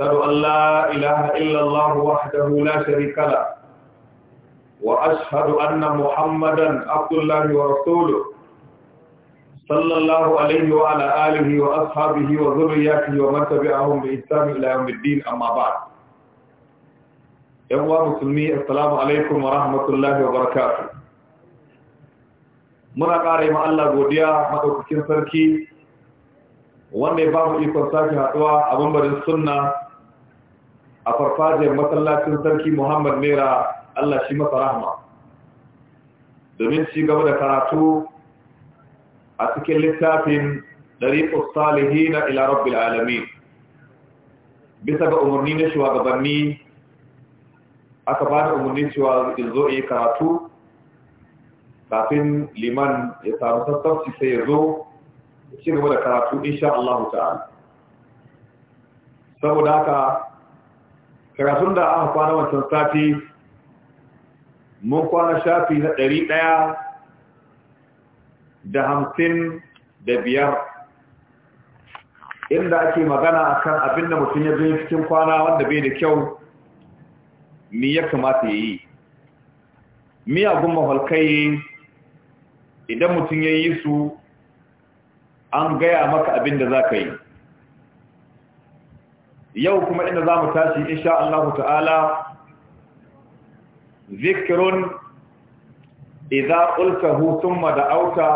أشهد أن لا إله إلا الله وحده لا شريك له وأشهد أن محمدا عبد الله ورسوله صلى الله عليه وعلى آله وأصحابه وذرياته ومن تبعهم بإحسان إلى يوم الدين أما بعد يا مسلمي السلام عليكم ورحمة الله وبركاته muna ƙara yi Allah godiya maɗaukakin sarki wanda ya ba mu ikon sake haɗuwa a bambarin sunna a farfajiyar masallacin sarki muhammad mera allah shi masa rahama domin ci gaba da karatu a cikin littafin ɗariƙus salihi na ilarabbil alamin bisa ga umarni na shugabanni aka ba da umarni cewa zo yi karatu kafin liman ya samu sassafci sai ya zo ci gaba da karatu insha Allah ta'ala saboda haka karatun da aka kwana wancan sati mun kwana shafi na ɗari ɗaya da hamsin da biyar inda ake magana a kan abinda mutum ya zai cikin kwana wanda bai da kyau mi ya kamata ya yi miyagun mahalkai idan mutum ya yi su an gaya maka abin da za ka yi yau kuma inda za mu tashi insha Allah ta'ala zikirun idza qultahu thumma da'awta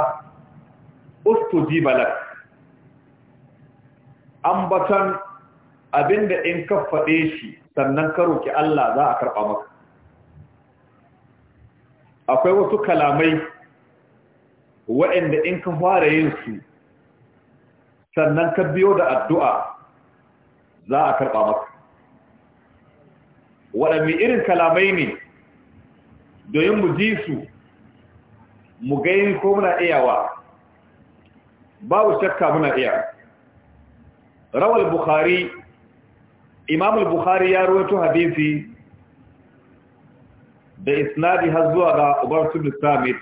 ustujiba ambatan abinda in ka fade shi sannan ka roki Allah za a karba maka akwai wasu kalamai waɗanda in ka fara yin su sannan ka biyo da addu'a za a karɓa maka waɗanne irin kalamai ne domin mu ji su mu gani ko muna iyawa babu shakka muna iya rawar bukhari imam bukhari ya rawaito hadisi da isnadi har zuwa ga ubar ibn samit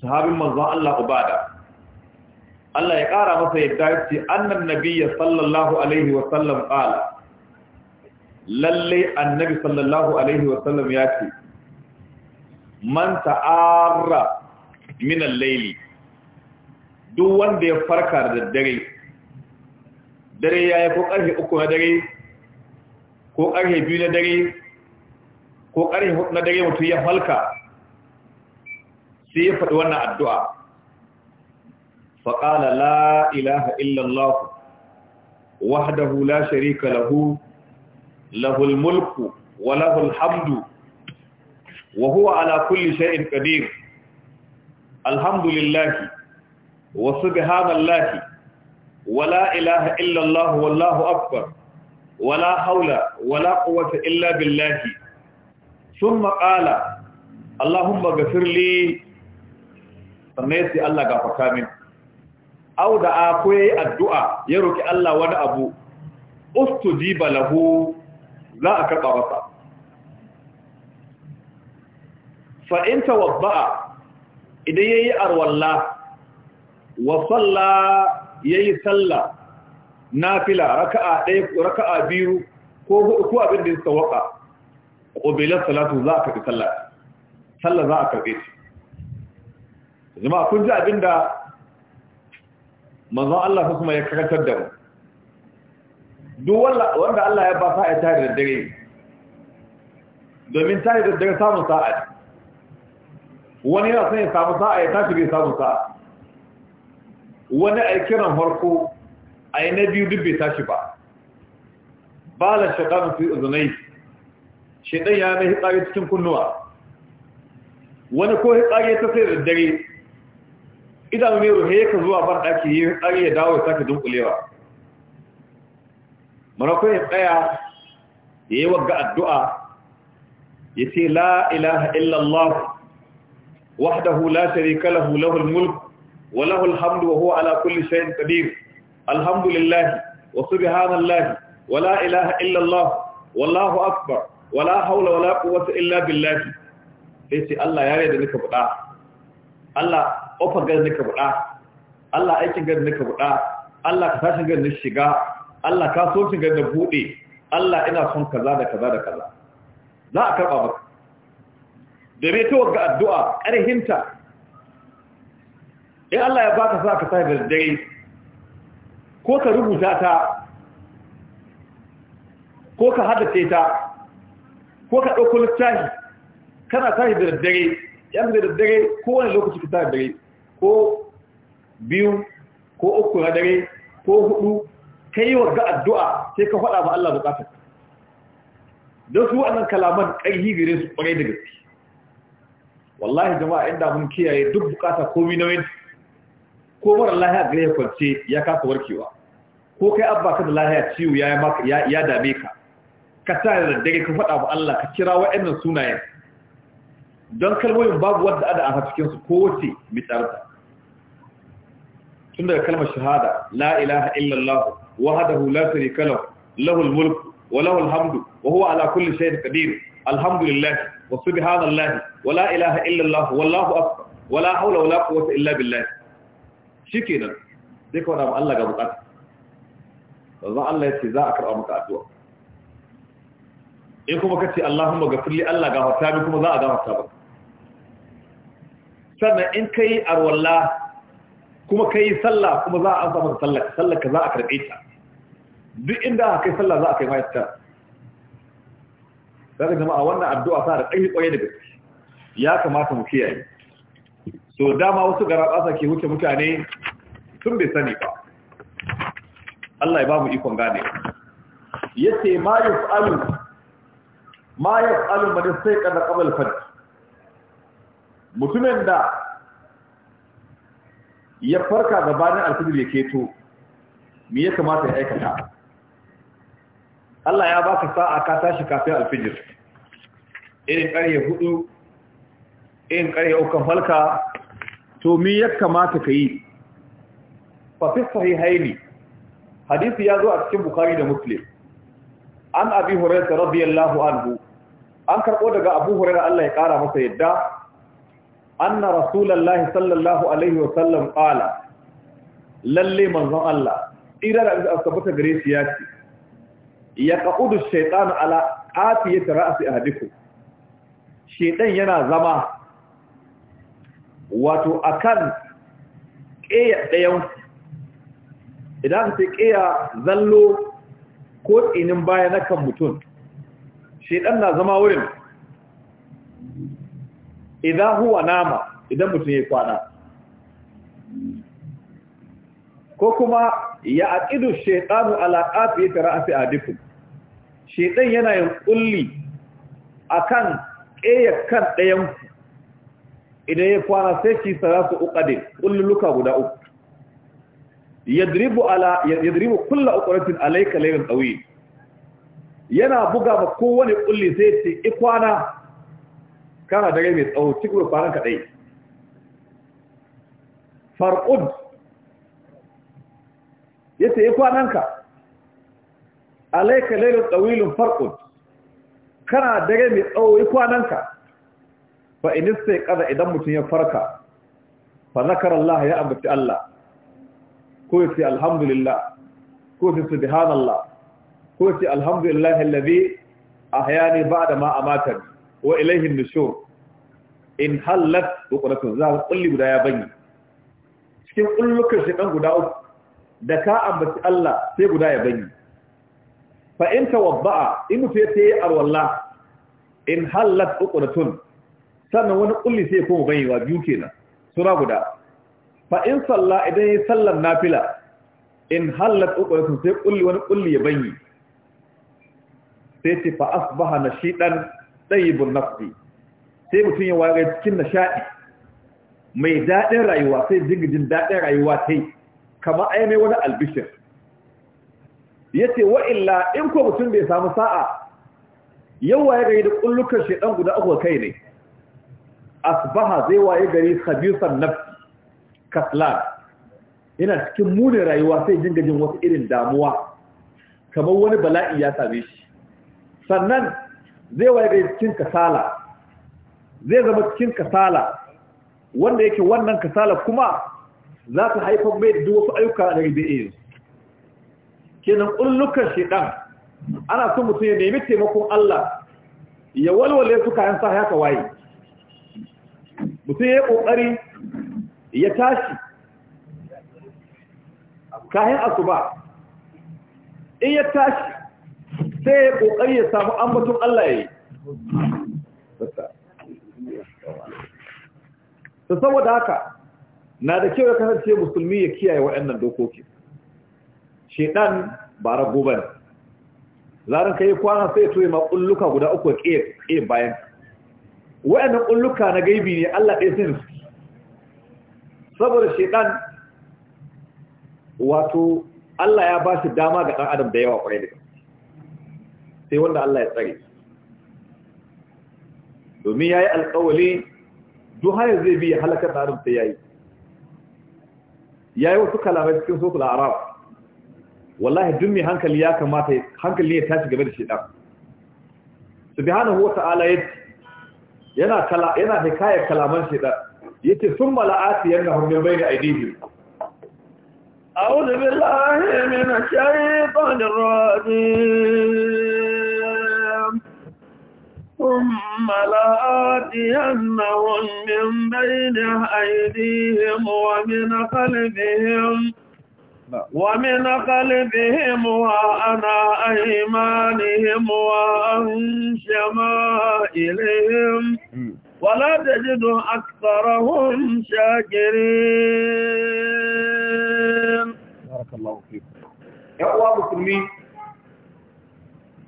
sahabin manzon Allah ubada Allah ya ƙara masa yadda ya ce annan nabiyya sallallahu alaihi wa sallam qala lalle annabi sallallahu alaihi wa sallam ya ce man ta'arra min laili duk wanda ya farka da dare dare yi ko karfe uku na dare ko karfe biyu na dare ko karfe na dare mutum ya falka sai ya faɗi wannan addu'a فقال لا إله إلا الله وحده لا شريك له له الملك وله الحمد وهو على كل شيء قدير الحمد لله وسبحان الله ولا إله إلا الله والله أكبر ولا حول ولا قوة إلا بالله ثم قال اللهم اغفر لي sannan ya ce Allah gafarta min au da ako yayi addu'a ya roki Allah wani abu jiba lahu za a karba masa fa in tawadda'a idan yayi arwalla wa salla yayi salla nafila raka'a ɗaya raka'a biyu ko hudu ko abin da ya sawaka qubilat salatu za a karbi sallah sallah za a karbe shi jama'a kun ji abinda manzon Allah kuma ya karatar da mu duk wanda Allah ya ba ya tare da dare domin tare da dare samun sa'a wani yana son ya samu sa'a ya tashi bai samu sa'a wani a kiran farko a yi na biyu duk bai tashi ba ba la shaƙarar fi uzunai shaidan ya mai hitsari cikin kunnuwa wani ko hitsari ta sai da dare idanu ne ruhe yake zuwa bar daki ya tsari ya dawo ya sake dunkulewa manakon ya tsaya ya yi wagga addu'a ya ce la ilaha illallah wahdahu la sharika lahu lahul mulk wa lahul hamdu wa huwa ala kulli shay'in qadir alhamdulillah wa subhanallah wa la ilaha illallah wallahu akbar wa la hawla wa la quwwata illa billah sai ce Allah ya da nika buɗa Allah ofa gari ka buɗa Allah aikin gari ka buɗa Allah ka tashin gari shiga Allah kasuwancin gari da buɗe Allah ina son kaza da kaza da kaza za a karɓa ba. Da domin ta ga addu'a ƙarhinta in Allah ya ba ka sa ka sai da dare ko ka rubuta ta ko ka haddace ta ko ka ɗauko littafi kana tashi da daddare yan da daddare kowane lokaci ka da dare ko biyu ko uku na dare ko hudu ka yi wa ga addu'a sai ka faɗa ba Allah bukatar don su waɗannan kalaman ƙarfi gare su ƙwarai da gaske wallahi jama'a inda mun kiyaye duk bukata ko nauyin ko mara lahiya gare ya kwance ya kasa warkewa ko kai abba ka da lahiya ciwo ya dame ka ka sa da daddare ka faɗa wa Allah ka kira waɗannan sunayen don kalmomin babu wadda ada a cikin su ko wace mitsarta tun daga kalmar shahada la ilaha illallah wahdahu la sharika lahu lahul mulk wa lahul hamdu wa huwa ala kulli shay'in qadir alhamdulillah wa subhanallah wa la ilaha illallah wallahu akbar wa la hawla wa la quwwata illa billah shikenan sai ka wada Allah ga bukata bazan Allah yace za a karba maka addu'a in kuma kace Allahumma ghafirli Allah ga bi kuma za a gafarta baka sannan in kai arwalla kuma kai sallah kuma za a amsa maka sallah sallah ka za a karbe ta duk inda aka kai sallah za a kai mai ta daga jama'a wannan addu'a sa da ɗanyi ƙwaye da gaske ya kamata mu kiyaye so dama wasu garaɓasa ke wuce mutane sun bai sani ba Allah ya ba mu ikon gane yace ma yaf'alu ma yaf'alu man sai kada qabl fajr mutumin da ya farka gabanin alfijir ya keto me ya kamata ya aikata Allah ya baka sa'a ka tashi kafin alfijir irin ƙarye hudu irin ƙarye ukan falka to me ya kamata ka yi fafis sahihaini hadisi ya zo a cikin bukari da muslim an abi hurairah radiyallahu anhu an karɓo daga abu hurairah Allah ya ƙara masa yadda anna rasulullahi sallallahu alaihi wa sallam qala lalle manzon Allah tsira da aka tabbata gare shi ya ce ya qaqudu shaytan ala afiyati ra'si ahadikum shaytan yana zama wato akan ƙeya ɗayan idan ka ce ƙeya zallo ko tsinin baya na kan mutum shaidan na zama wurin idan huwa nama idan mutum ya kwana ko kuma ya aqidu shaytanu ala afiyati ra'si adifu shaytan yana yin kulli akan ƙeyar kan ɗayan ku idan ya kwana sai ki sarasa uqadin kulluluka guda uku yadribu ala yadribu kullu uqratin alayka laylan tawil yana buga ba kowane kulli sai ce ikwana kana dare mai tsawo cikin rufaran kaɗai farƙud ya ce yi kwananka alaika lailun tsawilun farƙud kana dare mai tsawo yi kwananka fa inista ya ƙada idan mutum ya farka fa zakarar Allah ya abuci Allah ko ya ce alhamdulillah ko ya ce subhanallah ko ya ce alhamdulillah a hayani ba ma amatani wa ilaihin an-nushur in hallat buqratun za a ƙulli guda ya bani cikin ƙullukan shedan guda uku da ka ambaci Allah sai guda ya bani fa in tawadda'a in mutu ya a arwalla in hallat buqratun sannan wani ƙulli sai kuma bani wa biyu nan sura guda fa in salla idan ya sallan nafila in hallat uqratun sai ƙulli wani ƙulli ya bani sai ce fa asbaha ɗan tayyibun nafsi sai mutum ya ware cikin nishaɗi mai daɗin rayuwa sai jingijin daɗin rayuwa ta yi kama aimai wani albishir ya ce wa'illa in ko mutum bai samu sa'a yau waye gari da ƙullukan shaɗan guda uku kai ne asbaha zai waye gari khabisan nafsi kaslan yana cikin munin rayuwa sai jingajin wasu irin damuwa kamar wani bala'i ya same shi sannan zai waye gari cikin kasala zai zama cikin kasala wanda yake wannan kasala kuma za ta haifar mai duk wasu ayyuka da bai iya kenan ƙullukan shedan ana sun mutum ya nemi taimakon Allah ya walwale su kayan sa haka waye mutum ya yi ƙoƙari ya tashi kayan asuba in ya tashi sai ya ƙoƙari ya samu ambatun Allah ya yi to saboda haka na da kyau ya kasance musulmi ya kiyaye waɗannan dokoki shedan ba rago bane zaran kai kwana sai yi ma kulluka guda uku ke ke bayan waɗannan kulluka na gaibi ne Allah ɗaya sai saboda shedan wato Allah ya ba shi dama ga ɗan adam da yawa ƙwarai da sai wanda Allah ya tsare domin ya yi alƙawali duk hanyar zai bi halakar da adam yayi yayi wasu kalamai cikin da arab wallahi duk hankali ya kamata hankali ya tashi game da shedan subhanahu wa ta'ala yana kala yana hikayar kalaman shedan yace summa la'ati yanahum bai da aidihi أعوذ بالله من الشيطان الرجيم ثم لآتينهم من بين أيديهم ومن خلفهم ومن خلفهم وعن أيمانهم وعن شمائلهم ولا تجد أكثرهم شاكرين بارك الله فيكم يا الله مسلمين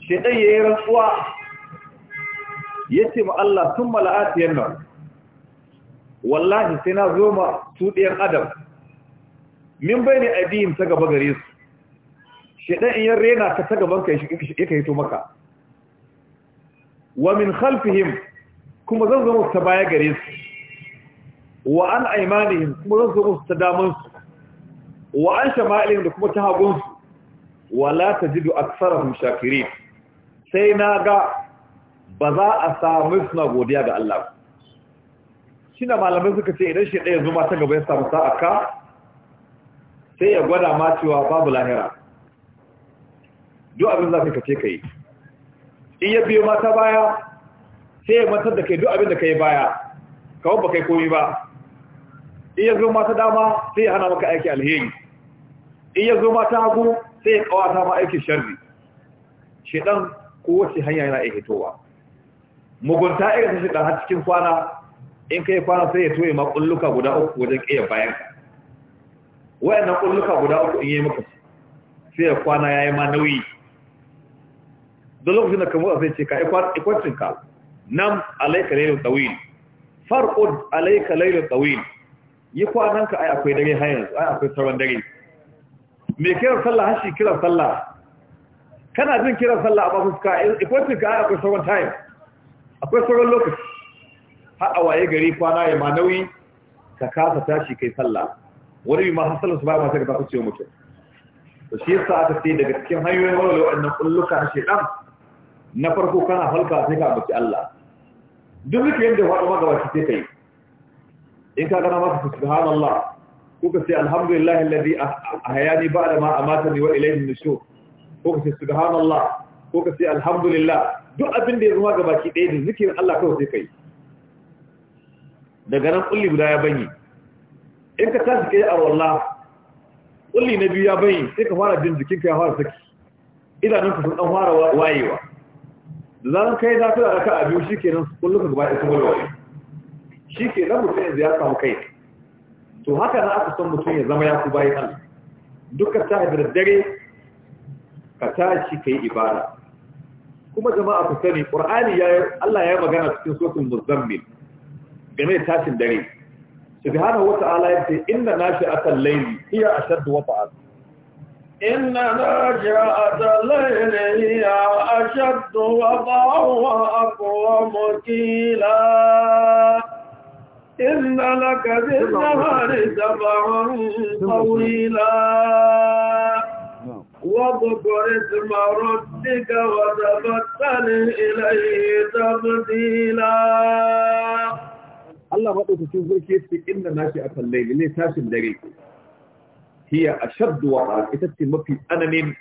شيئا يرسوا yace ma Allah sun mala'atiyan nan wallahi sai na zo ma su adam min bai ne abin ta gaba gare su shaɗan in yan rena ka ta gaban ka ya ka hito maka wa min khalfihim kuma zan zo musu ta baya gare su wa an aimanihim kuma zan zo musu ta damansu wa an shama'ilihim da kuma ta hagunsu wala tajidu aksarahum shakirin sai na ga ba za a samu suna godiya ga Allah shi na malamai suka ce idan shi ɗaya zuma ta gaba ya samu sa'a ka sai ya gwada ma cewa babu lahira duk abin za ka ce ka yi in ya biyo mata baya sai ya matar da kai duk abin da ka yi baya kawai ba kai komi ba in ya zo mata dama sai ya hana maka aiki alheri in ya zo mata hagu sai ya kawata ma aikin sharri ɗan kowace hanya yana iya hitowa mugunta irin ta shiga har cikin kwana in kai kwana sai ya toye ma kulluka guda uku wajen iya bayan wayannan kulluka guda uku in yi maka sai ya kwana yayi ma nauyi da lokacin da kamar sai ce ka ikwancin ka nam alayka laylun tawil farqud alayka laylun tawil yi kwanan ka ai akwai dare har yanzu ai akwai sauran dare me kiran sallah hashi kiran sallah kana jin kiran sallah a ba fuska ikwancin ka ai akwai sauran time akwai sauran lokaci har a waye gari kwana ya ma nauyi ka kasa tashi kai sallah wani bi ma hasalan su ba ma ta gaba kuce mutum to shi yasa aka ce daga cikin hanyoyin walwala wannan kulluka na shedan na farko kana halka sai ka baci Allah duk zikirin da faɗo maka wace sai kai in ka gana maka subhanallah kuka ce alhamdulillah alladhi ahyani ba'da ma amatani wa ilayhi nushur kuka ce subhanallah kuka ce alhamdulillah duk abin da ya zama gabaki ɗaya da zikirin Allah kawai sai kai daga nan kulli guda ya bani. in ka tashi kai a walla. kulli na biyu ya bani, sai ka fara jin jikinka ya fara saki ku sun dan fara wayewa da zaran kai za ka da raka a biyu shikenan kullum ka gaba ɗaya sun walwaye shikenan mutum yanzu ya samu kai to haka na aka son mutum ya zama ya ku bayan Allah ka ta da dare ka tashi kai ibada kuma jama'a ku sani qur'ani ya Allah ya magana cikin suratul muzammil game da tashin dare subhanahu wata'ala yace inna nashi'atal layli hiya ashaddu wata'an inna nashi'atal layli hiya ashaddu wata'an wa aqwamu qila إن لك بالنهار سبعا طويلا واذكر اسم ربك وتبتل إليه تبديلا Allah maɗaukacin zurfi ya ce inda nashi a kan ne tashin dare hiya a shadduwa ita ce mafi tsananin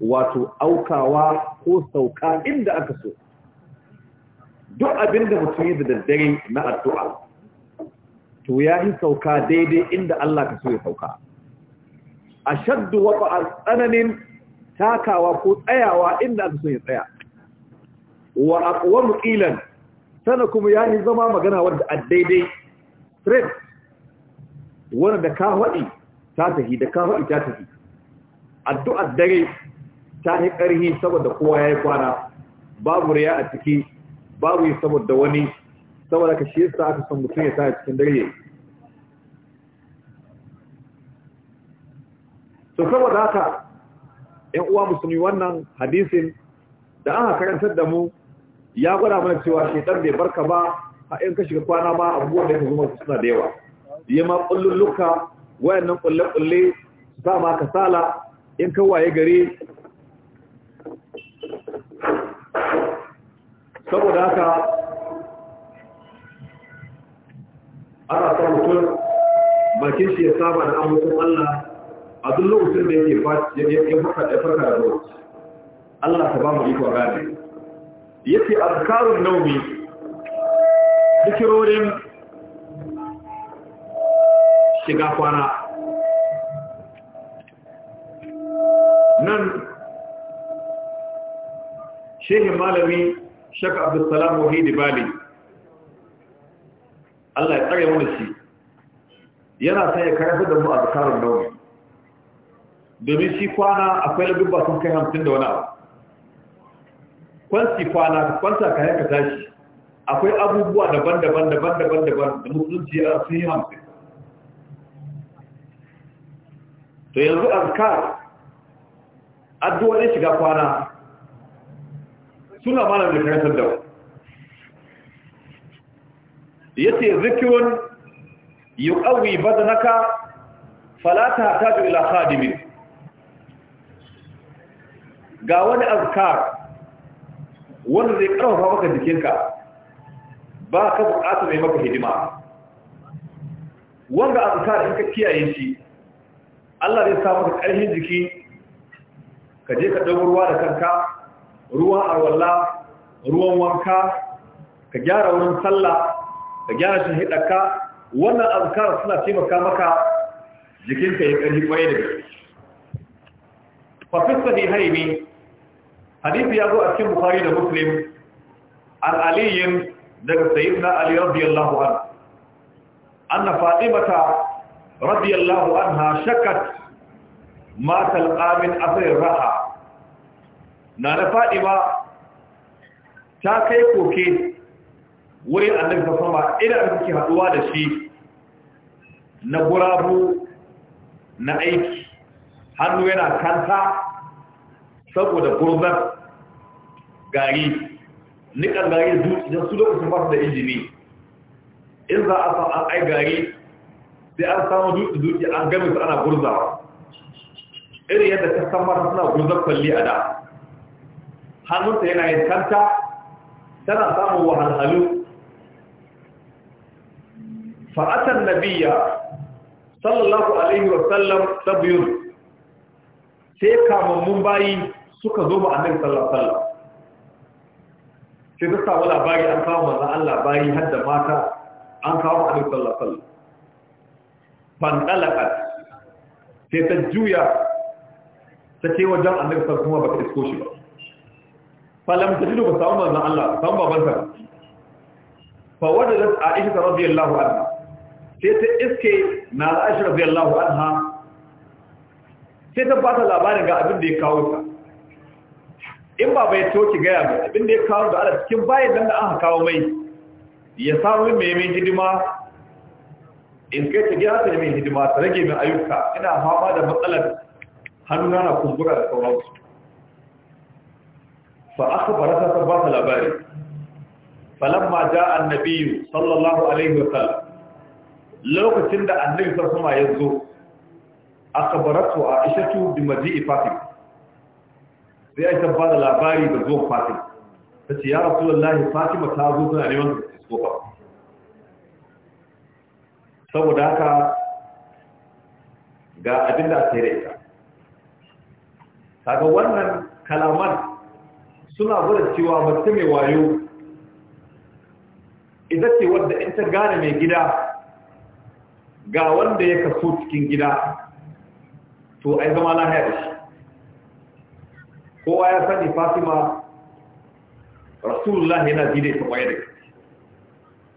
wato aukawa ko sauka inda aka so duk abin da mutum yi daddare na addu'a to ya yi sauka daidai inda Allah ka so ya sauka ashaddu a tsananin takawa ko tsayawa inda aka so ya tsaya wa aqwamu tana sana kuma yayi zama magana wanda daidai straight wanda da ka faɗi ta tafi da ka faɗi ta tafi addu'ar dare ta yi ƙarhi saboda kowa ya yi kwana babu riya a ciki babu yi saboda wani saboda ka shi yasa aka san mutum ya sa cikin dare to saboda haka ɗan uwa musulmi wannan hadisin da aka karantar da mu ya gwada mana cewa shekar bai barka ba a ɗan ka shiga kwana ba abubuwan da ya zama suna da yawa yi ma wayan wayannan kulle-kulle sa ma kasala in ka gare gari saboda haka ana sa mutum bakin shi ya saba da amurkan Allah a duk lokacin da yake ya farka da farka da zuwa Allah ta ba mu iko gane yace azkarun naumi zikirorin shiga kwana nan shehin malami shek abdulsalam wahidi bali Allah ya tsare mana shi yana sai ya karfi da mu azkarun naumi domin shi kwana akwai dubba sun kai hamsin da wani abu kwanci kwana kwanta ka yanka tashi akwai abubuwa daban-daban daban-daban daban da musulunci a sun yi hamsin to yanzu azkar addu'o'in shiga kwana suna malam da karantar da yace zikirun da naka fala ta ila khadimin ga wani azkar wanda zai karfafa maka jikinka ba ka bukata mai maka hidima wanda azkar in ka kiyaye shi Allah zai sa maka karfin jiki ka je ka dawo ruwa da kanka ruwa arwalla ruwan wanka ka gyara wurin sallah ka gyara shi hidaka wannan azkar suna taimaka maka jikinka ya karfi kwaye da gaske fa fi sahihaini hadisi ya zo a cikin bukari da muslim an aliyin daga na ali radiyallahu anhu anna fatimata radiyallahu anha shakkat ma talqa ra'a, na na nana fatima ta kai koke wurin annabi sama ina da kuke haduwa da shi na gurabu na aiki hannu yana kanta saboda gurbar gari nikan gari don su lokacin ba su da injini in za a san an ai gari sai an samu dutse dutse an gami su ana gurzawa irin yadda ta san mata suna gurzar kwalli a da hannunta yana yin kanta tana samun wahalhalu fa'atan nabiya sallallahu alaihi wasallam sabiyun sai mun bayi suka zo ba annabi sallallahu alaihi wasallam sai ta samu labari an kawo manzon Allah bayi har da mata an kawo a nan alaihi Ban ɗalaka. sai ta juya ta ce wajen a nan alaihi wasallam ba ta isko shi ba falam tajidu ba samu manzon Allah samu babanta ba. fa wadadat Aisha radiyallahu anha sai ta iske na Aisha radiyallahu anha sai ta bata labarin ga abin da ya kawo ta in ba bai to ki gaya mai abin da ya kawo da ala cikin bayan nan da aka kawo mai ya samu mai mai hidima in kai ta gida ta yi mai hidima ta rage mai ayyuka ina fama da matsalar hannuna na kumbura da sauransu fa aka barata ta ba ta labari falamma ja annabiyu sallallahu alaihi wa sallam lokacin da annabi sarsuma ya zo aka baratu a ishatu bi maji'i fatima sai aisha ba da labari da zuwan fatima ta ce ya rasu wallahi fatima ta zo tana neman da saboda haka ga abin da da ita kaga wannan kalaman suna gwada cewa mace mai wayo ita ce wadda in ta gane mai gida ga wanda ya kaso cikin gida to ai zama lahiya da shi kowa ya sani fatima rasulullah yana jide ta kwaye da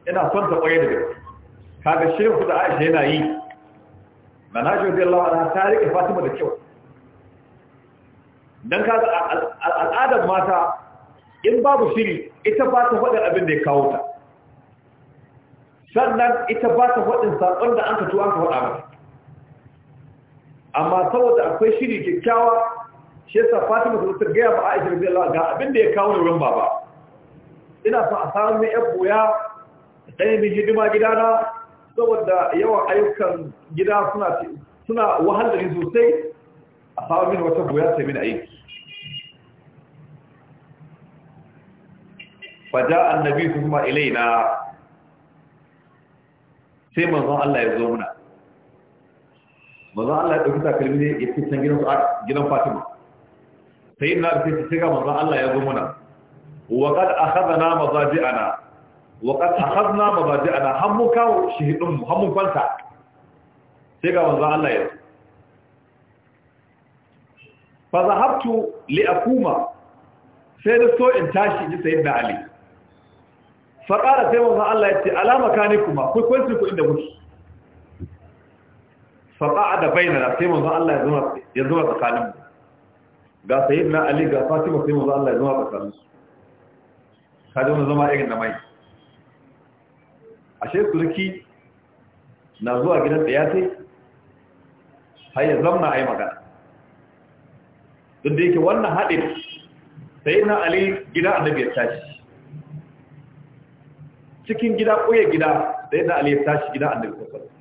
yana son ta kwaye da gaske kaga shehu da aisha yana yi na nashi wajen lawa ta rike fatima da kyau don kaga al'adar mata in babu shiri ita ba ta faɗin abin da ya kawo ta sannan ita ba ta faɗin saƙon da an ka tuwa ka faɗa mata amma saboda akwai shiri kyakkyawa shi yasa fatima ta gaya ba a ajiyar Allah ga abin da ya kawo ne wurin baba ina son a samu na yan boya ɗanyen min hidima gidana saboda yawan ayyukan gida suna suna wahalar sosai a samu min wata boya ta mini aiki fada annabi kuma ilaina sai manzon Allah ya zo muna manzon Allah ya ɗauki takalmi ne ya fi can gidan Fatima sai na da sai shiga manzo Allah ya zo muna wa qad akhadna mazaji'ana wa qad akhadna mazaji'ana har mu kawo shahidin mu har mu kwanta sai ga manzo Allah ya zo fa zahabtu li akuma sai da so in tashi ji sayyidina Ali fa qala sai manzo Allah ya ce alama kane kuma ku kwanci ku inda kuke fa qa'ada bainana sai manzo Allah ya zo ya zo tsakaninmu ga sayyid na ali ga fatima sai manzo Allah ya zama tsakanin su kaje wannan zama irin da mai ashe turki na zuwa gidan ya sai har ya zamna ai magana duk da yake wannan haɗin sai na ali gida annabi ya tashi cikin gida ƙoye gida sai na Ali ya tashi gida annabi sallallahu tashi.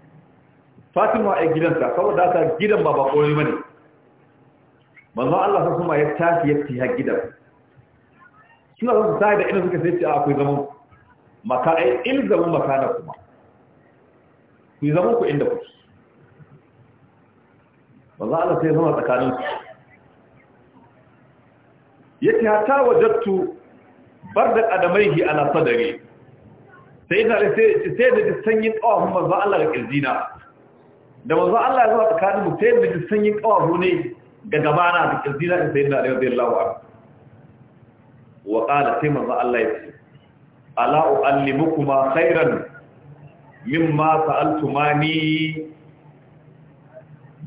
Fatima a kawai saboda ta gidan baba ƙoye mani. manzon Allah sai kuma ya tashi ya tiya gidan suna su sai da ina suka sai ce akwai eh, zaman maka ai ilzamu makana kuma ku zaman ku inda kuke manzon Allah sai zama tsakanin su yace hatta wajattu barda qadamaihi ala sadri sai da sai sai da sanyin kawafin manzon Allah ga kirjina da manzon Allah ya zama tsakanin mu sai da sanyin kawafu ne ga gabana da kirjina in sayyidina Ali radiyallahu anhu wa qala sai manzo Allah ya ce ala uallimukuma khairan mimma sa'altumani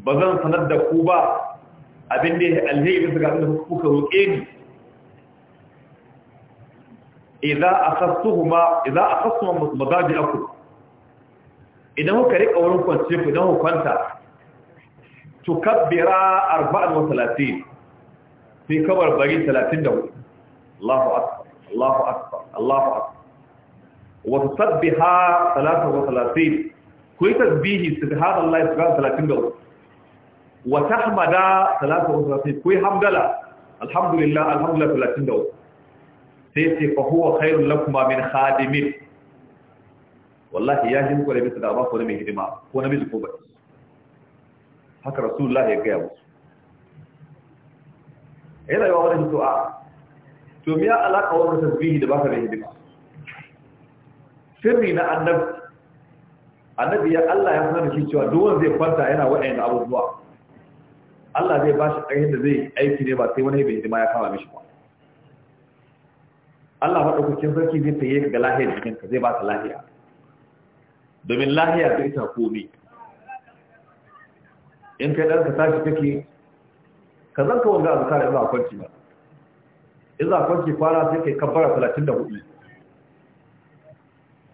bazan sanar da ku ba abin da ya alheri bisa ga abin da kuka roƙe ni idza akhadtuhuma idza akhadtum madaji'akum idan kuka rika wurin kwance ku idan ku kwanta tukabbira 34 sai kabar bari 34 Allahu akbar Allahu akbar Allahu akbar wa 33 kuyi tasbihi subhanallahi subhanahu 33 wa tahmada 33 kuyi hamdala alhamdulillah alhamdulillah 33 sai sai fa huwa khairul lakum min khadimin wallahi ya ji da bisa da ba ko mai hidima ko namiji ko haka rasulullah ya gaya musu yana yawa wani to a to miya alaka wani tasbihi da baka da hidima sirri na annabi annabi ya Allah ya sanar shi cewa duk wanda zai kwanta yana wa'ayin abubuwa Allah zai ba shi ƙarfin da zai aiki ne ba sai wani bai hidima ya kama mishi ba Allah maɗaukakin sarki zai taye ga lahiyar jikinka zai ba ka lahiya domin lahiya ta ita komi in kai ɗanka tashi kake ka zan ka wanda a zukara in za kwanci ba iza kwanci kwana sai kai kabbara 34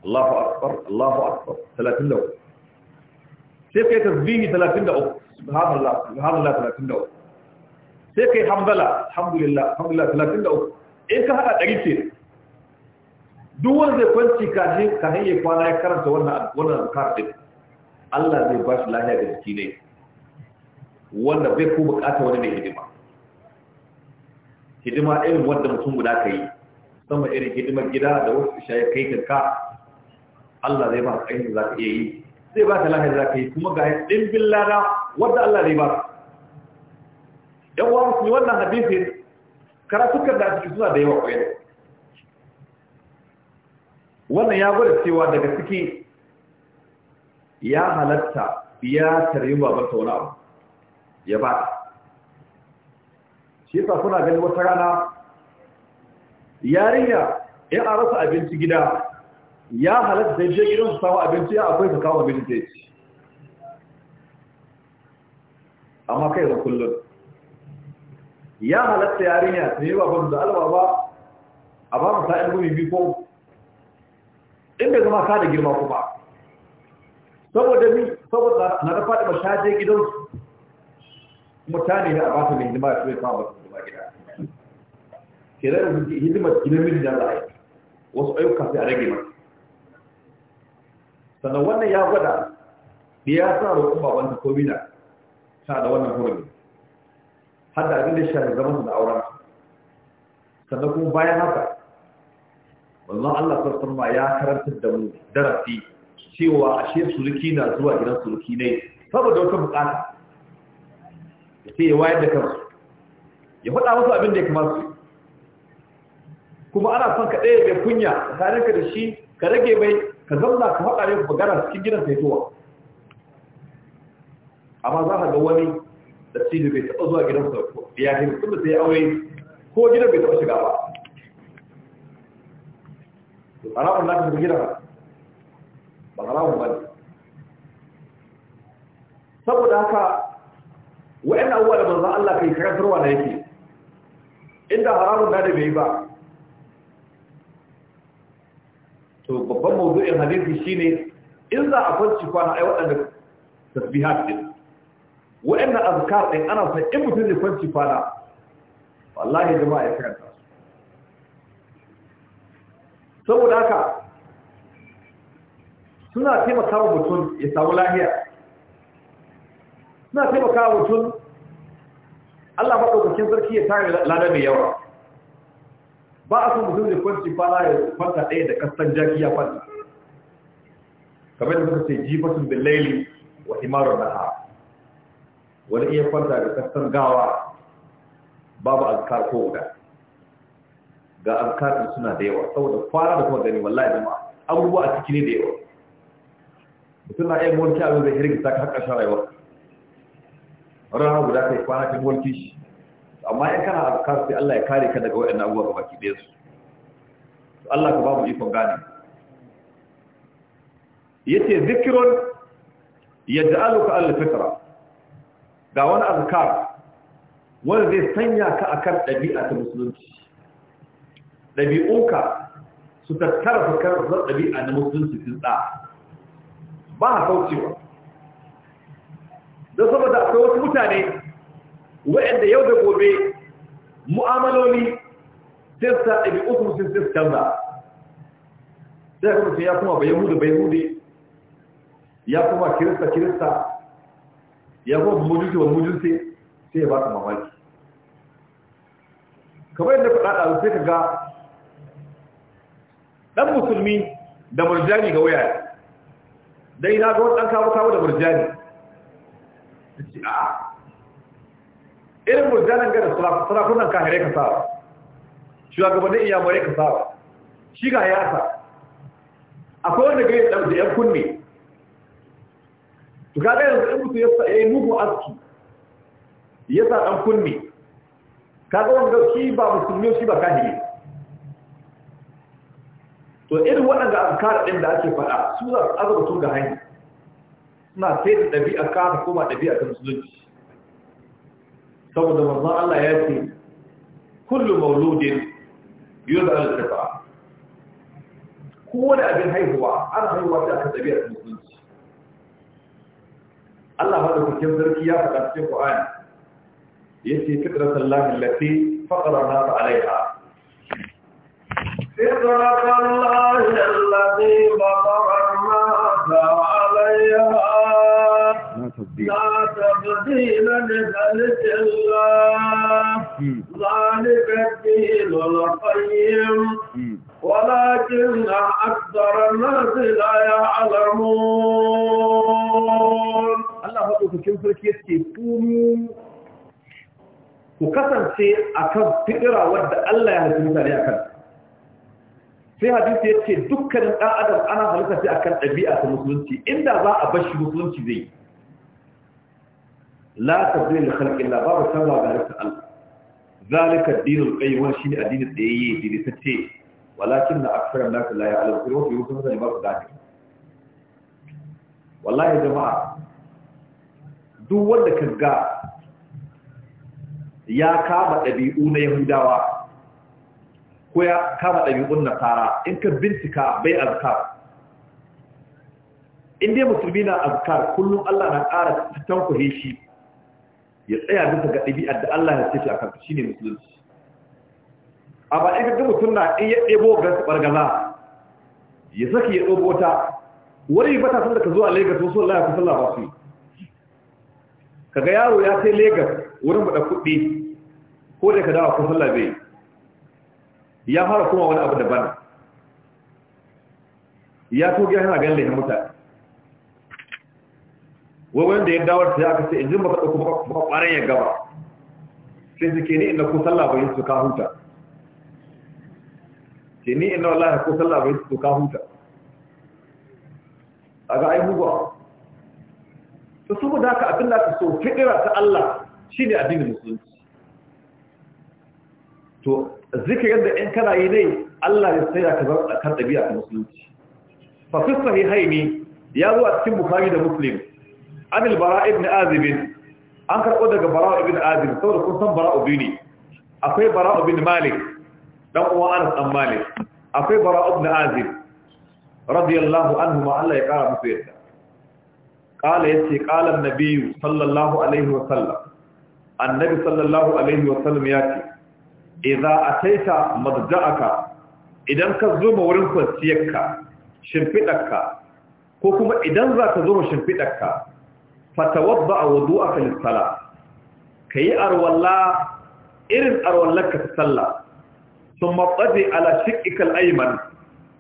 Allahu akbar Allahu akbar 34 sai kai tasbihi 33 subhanallah subhanallah 33 sai kai hamdala alhamdulillah alhamdulillah 33 in ka hada 100 ce duk wanda zai kwanci ka je ka hanyar kwana ya karanta wannan wannan zakar din Allah zai ba shi lafiya da jiki ne wanda bai ko bukata wani mai hidima hidima irin wanda mutum guda ka yi sama irin hidimar gida da wasu shaye kai kanka Allah zai ba ka ainihin za ka iya yi zai ba ka lahari za ka yi kuma ga ɗimbin lada wadda Allah zai ba ka wa musulmi wannan hadisin karatukan da ake suna da yawa kwaya wannan ya gwada cewa daga ciki ya halatta ya taryi babanta wani abu ya ba ta shi yasa kuna gani wata rana yarinya ya a rasa abinci gida ya halatta da je gidan su samu abinci ya akwai ka kawo abinci da ci amma kai da kullum ya halatta yarinya su yi babban da alba ba a ba mu sa'in gumi biyu ko inda zama ka da girma kuma saboda ni saboda na da faɗi ba shaje gidansu Mutane da a su mai hidima da tuwai su zuba gida ke da hidima gidan miji da za a yi wasu ayyuka sai a rage mata sannan wannan ya gwada da ya sa roƙon baban ta komina ta da wannan hurumi har da abin da shafi zaman su da auren sannan kuma bayan haka wannan Allah sarsan ma ya karantar da mu darasi cewa ashe suruki na zuwa gidan suruki ne saboda wata bukata ya ce ya wayar da kansu ya faɗa wasu abin da ya kamata su kuma ana son ka ɗaya mai kunya tsakaninka da shi ka rage mai ka zamna ka faɗa mai magana cikin gidan saituwa amma za ka ga wani da cikin bai taɓa zuwa gidan saituwa ya ke mutum da sai aure ko gidan bai taɓa shiga ba haramun na ka gidan ba ba ne saboda haka na abubuwa da manzan Allah kai karantarwa na yake inda haramun na da bai ba to babban halittu shi ne in za a kwanci kwana ai waɗanda tasbihat din na azkar din ana san in mutum ne kwanci kwana wallahi jama'a ya karanta saboda haka suna taimaka wa mutum ya samu lahiya suna taimaka wa mutum Allah ba ɗaukakin sarki ya tare lada mai yawa ba a son mutum da kwanci fara ya kwanta ɗaya da kastan jaki ya fanta kamar da suka ce jifatun da laili wa imarar da ha wani iya kwanta da kastan gawa babu alkar ko wuda ga da suna da yawa saboda fara da kuma gani wallahi jama'a abubuwa a ciki ne da yawa mutum na iya mawarki abin zai hirgisa ka har shara yawa. rana guda yi kwana ta mulki shi amma in kana azkar sai Allah ya kare ka daga waɗannan abubuwa ga baki ɗaya su Allah ka babu ikon gane yace zikrun yaj'aluka al-fitra ga wani azkar wanda zai sanya ka akan ɗabi'a ta musulunci ɗabi'unka su tattara su kan ɗabi'a na musulunci sun ɗa ba a kaucewa don saboda akwai wasu mutane wa'anda yau da gobe mu'amaloli sai sa ɗabi'utu sun sai canza sai ya kuma ya kuma bai hudu bai hudu ya kuma kirista kirista ya kuma mujusi wa mujusi sai ya ba su mamaki kamar yadda faɗa ɗaru sai ka ga ɗan musulmi da murjani ga waya dai na ga wani ɗan kawo kawo da murjani irin murjanin ga da sarakunan kahirai ka sa shugabannin iyamurai ka sa shi ga ya sa akwai wanda ga ya da yan kunne to ga yanzu in mutu ya yi nufo aski ya sa ɗan kunne kaga wanda shi ba musulmi shi ba kahiri to irin waɗanda azkar ɗin da ake faɗa su za su azabtun ga hanyar suna sai da ɗabi'a ka koma ɗabi'a ta musulunci saboda manzon Allah ya ce kullu mauludin yuzar al-fitra kowane abin haihuwa ana haihuwa ta akan ɗabi'a ta musulunci Allah ba da kukin zarki ya faɗa cikin Qur'ani yace fitra sallahi allati faqarna alaiha fitra sallahi allati لا تبديل لذلك الله ذلك الدين القيم ku kasance a kan fiɗira wadda Allah ya halittu mutane a kan sai hadisi ya ce dukkanin ɗan adam ana halitta sai a kan ɗabi'a ta musulunci inda za a bashi musulunci zai yi la tabdil khalqillah babu sabba ga halitta Allah zalika ad-dinul qayyim shi ne addinin da yayi diritacce walakin na aksara na la ya'lamu kuma wasu yusuf da ba su gane wallahi jama'a duk wanda ka ga ya kama ɗabi'u na yahudawa ko ya kama ɗabi'un nasara in ka bincika bai azkar in dai musulmi na azkar kullum Allah na ƙara tankuhe shi ya tsaya bisa ga ɗabi'ar da Allah ya tafi a kan shi ne musulunci a ba ɗaya ga mutum na in ya ɗebo ga ɓargaza ya saki ya ɗobo ta wani yi ta sun da ka zuwa lagos wasu Allah ya fi sallah ba su yi ka ga yaro ya sai lagos wurin baɗa kuɗi ko da ka dawa ko sallah bai ya fara kuma wani abu daban ya toge yana ganin lahin mutane wai wanda ya dawar sai aka ce in maka dauko maka kwaran ya gaba sai su ke ni inda ku sallah bai su ka huta ke ni inda wallahi ku sallah bai su ka huta aga ai huwa to saboda haka abin da ka so fikira ta Allah shine addinin musulunci to zikirin da in kana yi ne Allah ya tsaya ka zama kan dabi'a ta musulunci fa fi sahihaini ya zo a cikin bukhari da muslim an albara ibn azib an karɓo daga bara ibn azib saboda kun san bara ibn ne akwai bara ibn malik dan uwa anas dan malik akwai bara ibn azib radiyallahu anhu ma Allah ya kara musu yadda qala yace qala an-nabi sallallahu alaihi wa sallam annabi sallallahu alaihi wa sallam yace idza ataita madja'aka idan ka zo ma wurin kwanciyarka shimfidarka ko kuma idan za ka zo ma shimfidarka fatawadda a wudu a kalistala ka yi arwalla irin arwallarka ta sallah sun matsaje ala shiƙiƙal aiman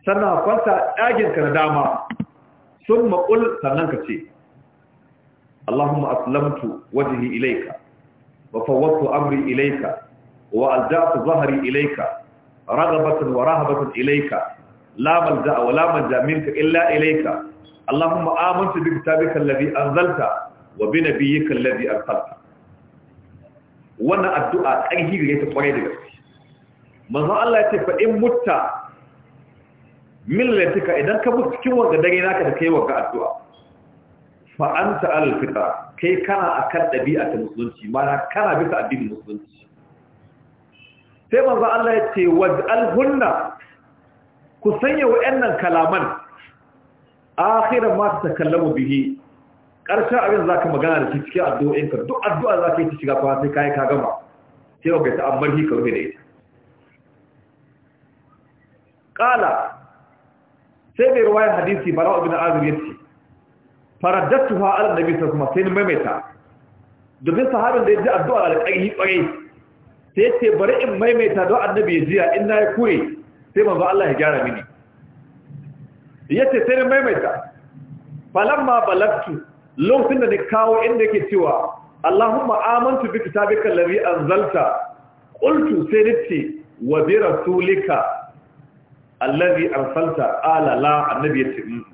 sannan kwanta ɗaginka na dama sun maƙul sannan ka ce Allahumma aslamtu wajihi ilaika wa fawwattu amri ilaika wa alja'tu zahri ilaika raghabatan wa rahabatan ilaika la malja'a wa la manja minka illa ilaika اللهم آمنت بكتابك الذي أنزلت وبنبيك الذي أرسلت wannan addu'a ƙarfi gare ta kwarai da gaske manzon Allah ya ce fa in mutta millatika idan ka mutu cikin wanga dare naka da kai wanga addu'a fa anta al fitra kai kana akan dabi'a ta musulunci mana kana bisa addinin musulunci sai manzon Allah ya ce ku sanya wa'annan kalaman akhira ma kallamu bihi karshen abin zaka magana da shi cikin addu'o'inka duk addu'a zaka yi ta shiga kwana sai kai ka gama sai ka ta ambarhi ka rufe da ita qala sai mai ruwaya hadisi bara ibn azib yace faradatuha ala nabi sallallahu alaihi wasallam sai maimaita domin sahabin da ya ji addu'a alƙayi ƙwarai sai ce bari in maimaita don annabi ya jiya in na ya kure sai manzo Allah ya gyara mini yace sai na maimaita falamma balagtu lokacin da ni kawo inda yake cewa Allahumma amantu bi kitabika alladhi anzalta qultu sai nace wa bi rasulika alladhi arsalta ala la annabi yace mm.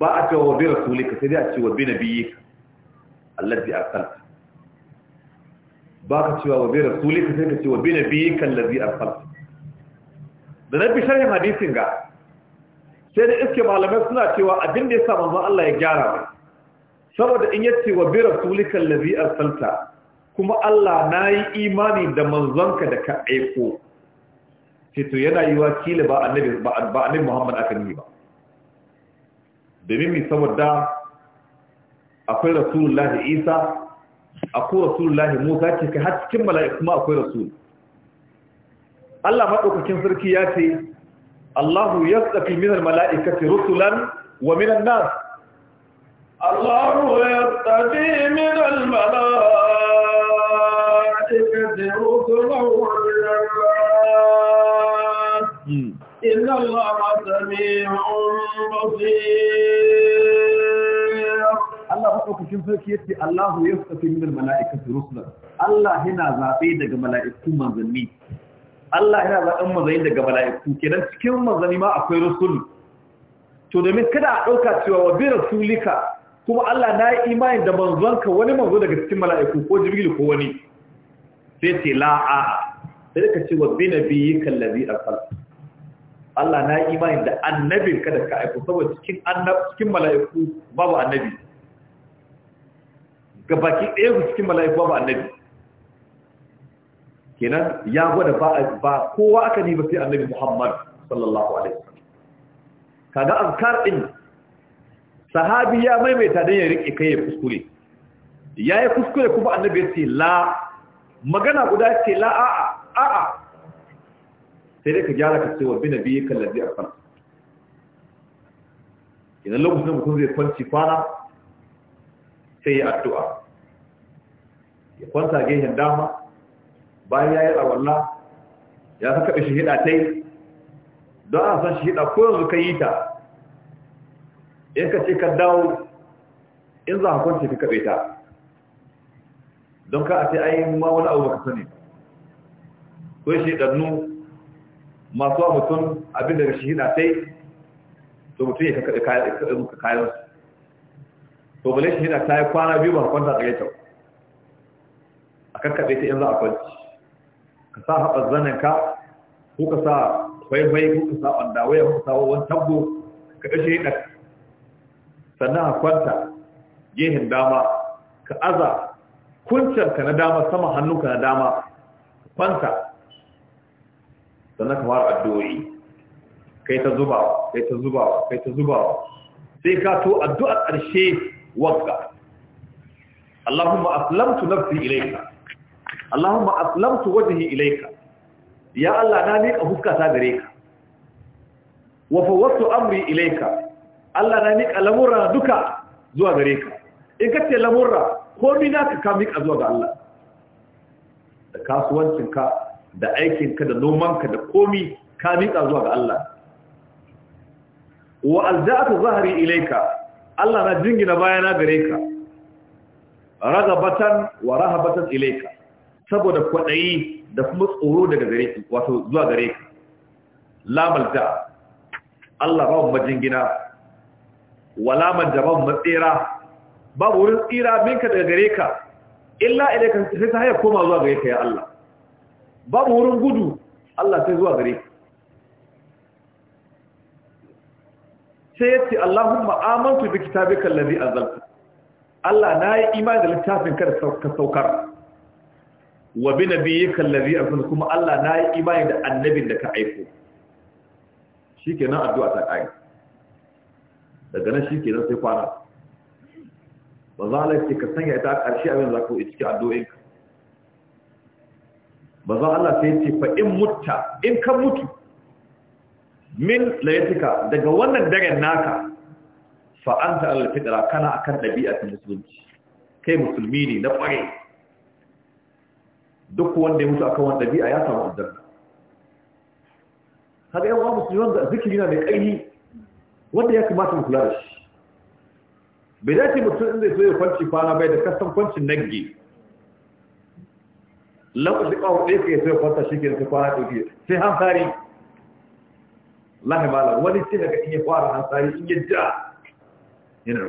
ba a ce wa bi rasulika sai dai a ce wa bi nabiyika alladhi arsalta ba ka cewa wa bi rasulika sai ka ce wa bi nabiyika alladhi arsalta da nabi sharhin hadisin ga sai da iske malamai suna cewa abin da ya sa manzon Allah ya gyara ba, saboda in yace wa bi rasulika allazi arsalta kuma Allah nayi imani da manzonka da ka aiko sai to yana yiwa kila ba annabi ba annabi Muhammad aka ni ba Da mi saboda akwai rasulullahi Isa akwai rasulullahi Musa kike kai har cikin mala'iku ma akwai rasul Allah madaukakin sarki ya ce الله يستقي من الملائكة رسلا ومن الناس الله يستقي من الملائكة رسلا ومن الناس إن الله سميع بصير الله أكبر كم فكيت الله يستقي من الملائكة رسلا الله هنا زعبي دق ملائكة من ذنبي Allah yana zaɓen mazani daga mala'iku kenan cikin mazani ma akwai rasul to domin kada a ɗauka cewa wa bi rasulika kuma Allah na yi imanin da manzonka wani manzo daga cikin mala'iku ko jibril ko wani sai ce la'a sai ka ce wa bi na nabiyika allazi arsal Allah na yi imanin da annabin kada ka aiko saboda cikin cikin mala'iku babu annabi Ga baki ɗaya cikin mala'iku babu annabi kenan ya gwada ba ba kowa aka ne ba sai annabi Muhammad sallallahu alaihi kaga azkar din sahabi ya maimaita dan ya rike kai ya kuskure yayi kuskure kuma annabi ya ce la magana guda ce la a a a sai dai ka gyara ka ce wa bi nabi kallazi arsal idan lokacin da mutum zai kwanci kwana sai ya addu'a ya kwanta gehen dama bayan ya yi tsawalla ya saka kaɓe shahida ta yi don a san shahida ko yanzu ka yi ta in ka ce ka dawo in za a kwanci ka kaɓe ta don ka a ce ayin ma wani abu baka sani ko shahidannu masu wa mutum abin da shahida ta yi to mutum ya kaɓe kayan su to bale shahida ta yi kwana biyu ba kwanta yi ta a kakkaɓe ta in za a kwanci ka sa haɓar zananka ko ka sa kwaikwai ko ka sa ɓandawaya ko ka sa wawan tabbo ka ɗashe ɗaka sannan a kwanta gehen dama ka aza ka na dama sama hannu ka na dama kwanta sannan ka fara addu'o'i kai ta zubawa kai ta zubawa kai ta zubawa sai ka to addu'ar ƙarshe wakka Allahumma aslamtu nafsi ilayka Allahumma aslamtu wajhi ilayka ya Allah na miƙa huskata gare ka wa fawwatu amri ilayka Allah na miƙa lamurra duka zuwa gare ka in ka ce lamurra komai naka ka miƙa zuwa ga Allah da kasuwancinka da aikinka da nomanka da komi ka miƙa zuwa ga Allah wa alja'atu zahri ilayka Allah na jingina bayana gare ka ragabatan wa rahabatan ilayka saboda kwaɗayi da kuma tsoro daga gare su wato zuwa gare lamar lamalta Allah babu da ba wa matsira babu wurin tsira minka daga gare ka illa ka sai ta haya koma zuwa gare ka ya Allah babu wurin gudu Allah sai zuwa gare ka sai ya ce Allahumma amantu bi kitabika allazi anzalta Allah na yi imani da littafin ka da saukar wa bi nabiyyika allazi arsalta kuma Allah na yi imani da annabin da ka aiko shikenan addu'a ta kai daga nan shikenan sai kwana ba za Allah ce ka sanya ita karshe abin za ka yi cikin addu'o'in ka ba za Allah sai ce fa in mutta in ka mutu min layatika daga wannan daren naka fa anta al-fitra kana akan dabi'atul musulunci kai musulmi ne na kware duk wanda ya mutu akan wani ɗabi'a ya samu aljanna haka yan uwa yi da zikiri na da ƙaini wanda ya kamata mu kula da shi bai dace mutum in zai so ya kwanci kwana bai da kasan kwancin nagge shi ƙawar ɗaya ka soya kwanta shi ke da kwana ɗauki sai hansari lahi wani sai daga in ya fara hansari in ya ja yana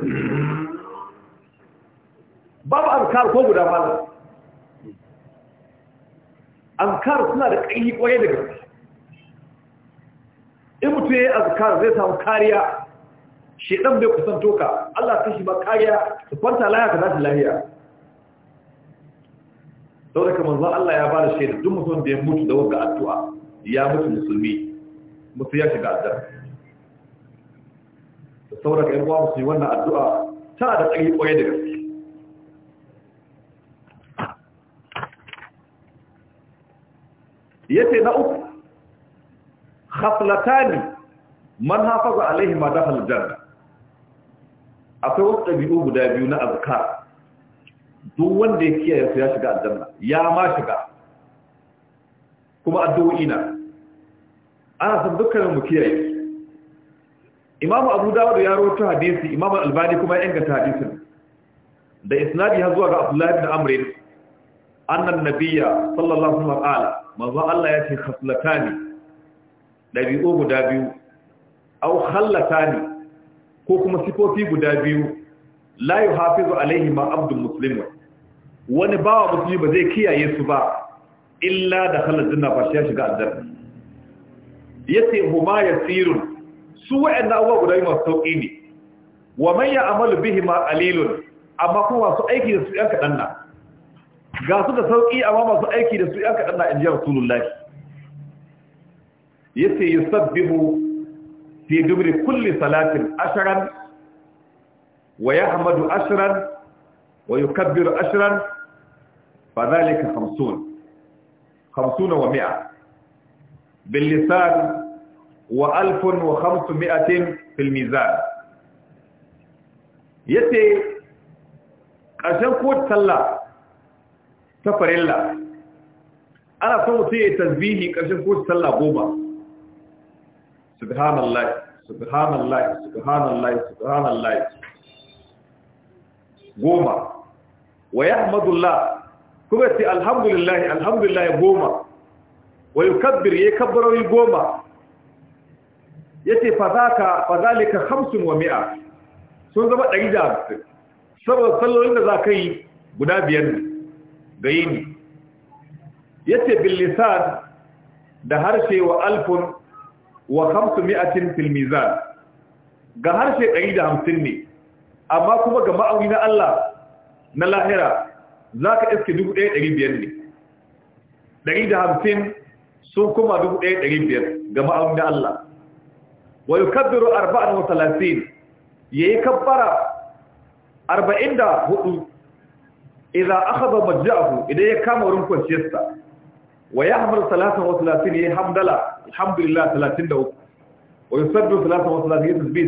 babu azkar ko guda malam azkar suna da ƙaihi ƙwaye da gaske in mutum ya yi azkar zai samu kariya ɗan bai kusanto ka Allah ta shi ba kariya su kwanta laya ka tashi lahiya sau da kamar zan Allah ya ba da shaida duk mutum da ya mutu da wanga addu'a ya mutu musulmi mutu ya shiga addar da sau da ka yi wannan addu'a tana da ƙaihi ƙwaye da gaske yace na uku khaflatani man hafaza alaihi ma dakhal janna akwai wasu ɗabi'u guda biyu na azkar duk wanda ya kiyaye su ya shiga aljanna ya ma shiga kuma addu'o'i ana san dukkanin mu kiyaye imamu abu dawud ya rawaito hadisi imamu albani kuma ya inganta hadisin da isnadi har zuwa ga abdullahi ibn amr annan nabiyya sallallahu alaihi wasallam manzo Allah ya ce khaslatani dabi'u guda biyu aw khallatani ko kuma sifofi guda biyu la yuhafizu alaihi ma abdu muslim wani bawa musulmi ba zai kiyaye su ba illa da khalal janna ba shi ya shiga aljanna yace huma yasiru su wa'annan abubuwa guda biyu masu sauƙi ne wa man ya'malu ma alilun. amma kuma su aiki da su yan kaɗan na ga su da sauƙi amma masu aiki da su ya kaɗan na injiyar rasulullahi ya ce yi sabbihu fi dubri kulli salatin ashiran wa ya hamadu ashiran wa yi kabbiru ashiran fa zalika hamsun hamsuna wa mi'a bin wa alfun wa hamsu mi'atin fil mizan ya ce ƙarshen kowace sallah ta farilla ana son mutum ya tasbihi ƙarshen ko sallah goma subhanallah subhanallah subhanallah subhanallah goma wa yahmadullah kuma sai alhamdulillah alhamdulillah goma wa yukabbir ya kabbarori goma yace fa zaka fa zalika 50 wa mi'a. sun zama 150 saboda sallolin da zaka yi guda biyar ne da yace bil da harshe wa alfun wa 500 fil mizan ga harshe 150 ne amma kuma ga ma'auni na Allah na lahira zaka iske 1500 ne 150 sun kuma 1500 ga ma'auni na Allah wa yukaddiru 34 yayi kabbara 44 idza akhadha majja'ahu idan ya kama wurin kwanciyarsa wa yahmil 33 ya hamdala alhamdulillah 33 wa yusaddu 33 ya tasbih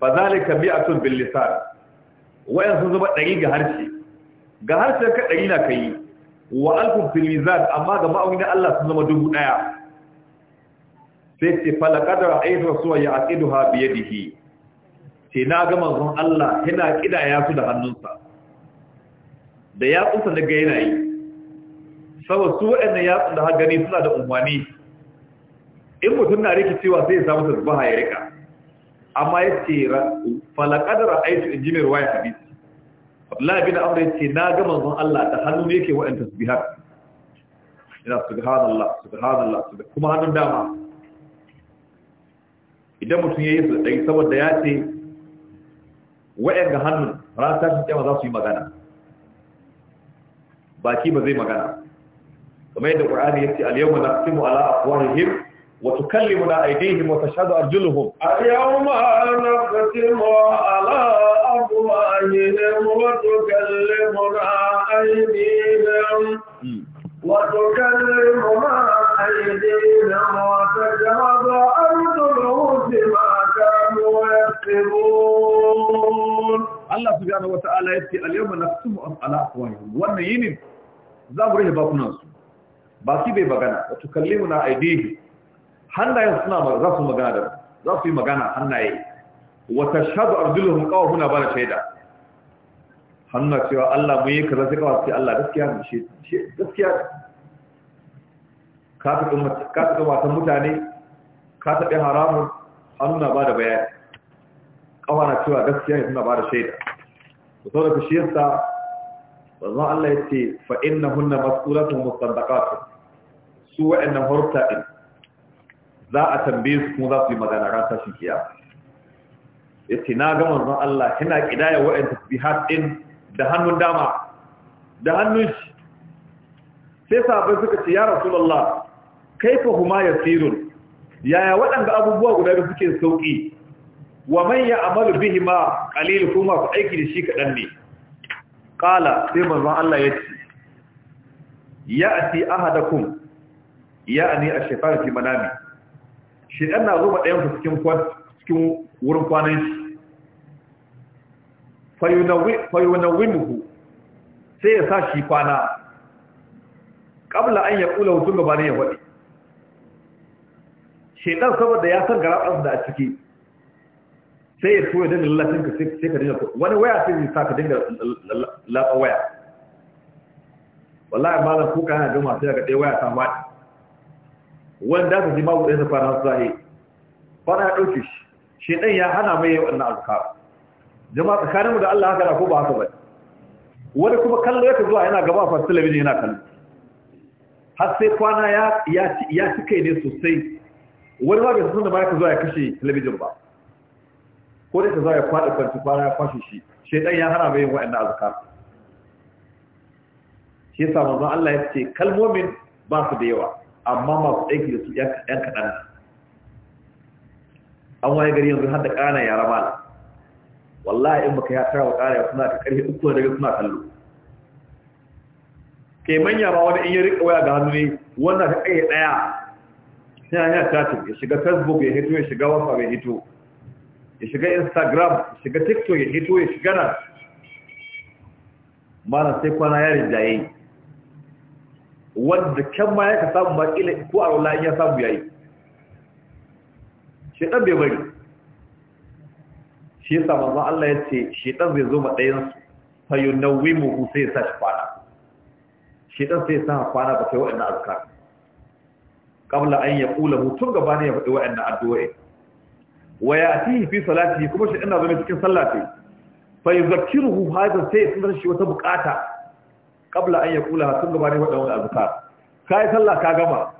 33 ka bi bi'atun bil lisan wa yanzu zuba ɗari ga harshe ga harshen ka dari na kai wa alfun fil mizan amma ga ma'auni na Allah sun zama dubu daya sai ce fa laqad ra'aytu rasuwa ya'qiduha bi yadihi sai na ga manzon Allah yana kidaya su da hannunsa da yatsunsa na ga yanayi saboda su waɗannan yatsun da haka gani suna da umarni in mutum na rikicewa sai ya samu ta zuba ya rika amma ya ce falakadar aiki injiniyar waya hadisi abdullahi bin amr ya ce na ga manzon Allah da hannu ne ke waɗanda tasbihar ina subhanallah subhanallah kuma hannun dama idan mutum ya yi su da saboda ya ce waɗanda hannun ranar tashin kyama za su yi magana baki ba zai magana kamar yadda qur'ani yace al-yawma naqtimu ala aqwarihim wa tukallimuna aydihim wa tashhadu arjuluhum al-yawma naqtimu ala afwahihim wa tukallimuna aydihim وتكلمنا أيدينا وتجهد أرضهم بما كانوا يكسبون الله سبحانه وتعالى يبكي اليوم نختم على أقوالهم وأن ينم za mu rage bakunansu ba su bai magana wato kallimu na aidihi hannayen suna za su magana da za su yi magana hannaye wata shaɗu abdullahun kawo huna ba na shaida hannu cewa Allah mu yi kaza sai kawo sai Allah gaskiya mu shi gaskiya ka taɓa matan mutane ka taɓa haramun hannu na ba da bayani kawo na cewa gaskiya ne suna ba da shaida da sau da kushiyarsa wanzu Allah ya ce fa'in na hunna matsulatun mustandakatun su wa'annan horta ɗin za a tambaye su kuma za su yi magana ran tashin kiya ya ce na gama wanzu Allah yana ƙidaya wa'yan tasbihat ɗin da hannun dama da hannun shi sai sahabai suka ce ya rasulallah kaifa huma yasirun yaya waɗanda abubuwa guda biyu suke sauƙi wa man ya amalu ma, qalil kuma ku aiki da shi kaɗan ne ƙala sai manzon Allah ya ce ya ati ahadakum ya ne a shekaru fi manami shekar na zuba ɗayanku cikin wurin kwanan shi fayunawinuhu sai ya sa shi kwana Kabla an ya ƙula hutun gabanin ya waɗi shekar saboda ya san garaɓarsu da a ciki sai ya so ya dinga lalacin ka sai ka dinga wani waya sai ya sa ka dinga latsa waya wallahi malam ko kana gama sai ka dai waya ta wadi wani da ka ji babu ɗaya fara hasu zahi fara ya ɗauke shi shi ɗan ya hana mai yawan na azkar jama'a tsakaninmu da Allah haka da ko ba haka ba wani kuma kallo yake zuwa yana gaba fa talabijin yana kallo har sai kwana ya ya cika ne sosai wani ma bai san da ma ka zuwa ya kashe talabijin ba ko da ta a ya faɗi kwanci kwana ya kwashe shi ɗan ya hana mai yin wa'annan azkar shi yasa manzon Allah ya ce kalmomin ba su da yawa amma masu aiki da su yan kaɗan an waye gari yanzu har da ƙana rama da wallahi in baka ya tara wa ƙara suna ka ƙarfe uku daga suna kallo kai manya ma wani in ya riƙa waya ga hannu ne wannan ta ƙaye ɗaya sai ya tatin ya shiga facebook ya hito ya shiga wasa ya hito ya shiga instagram ya shiga tiktok ya hito ya shiga nan mana sai kwana ya rinjaye wanda kyan ma ya ka samu maƙila ko a wula ya samu yayi shaitan bai bari shi yasa manzon Allah ya ce shaitan zai zo matsayin su fa yunawwimuhu sai ya sashi shi kwana shaitan sai ya sa kwana ba kai wa'annan azkar qabla an yaqula hu gaba gabani ya faɗi wa'annan addu'o'i wa yatihi fi salati kuma shi ina zama cikin sallati fa yuzakkiruhu hada sai sun san shi wata bukata qabla an yaqula tun gaba ne wadannan azkar kai sallah ka gama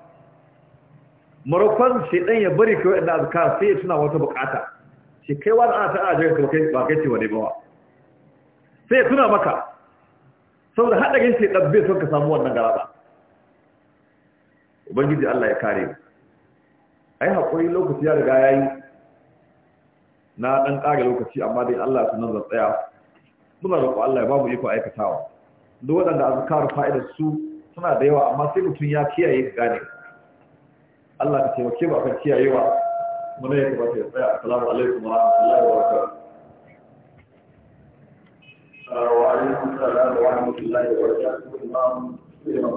marokon shedan ya bari kai wadannan azkar sai suna tuna wata bukata shi kai wani ana ta ajin ka kai ba kai ce wani ba sai suna tuna maka saboda hada gin shi dabbe son ka samu wannan garaba ubangiji Allah ya kare ai hakuri lokaci ya riga yayi na dan ƙara lokaci amma dai Allah sanar da tsaya muna roƙo Allah ya babu iko aikatawa duk waɗanda azkaru fa'idar su suna da yawa amma sai mutum ya kiyaye gane Allah ka taimake mu ka kiyayewa mu ne ya tabbata ya tsaya assalamu alaikum wa rahmatullahi wa barakatuh وعليكم السلام ورحمة الله وبركاته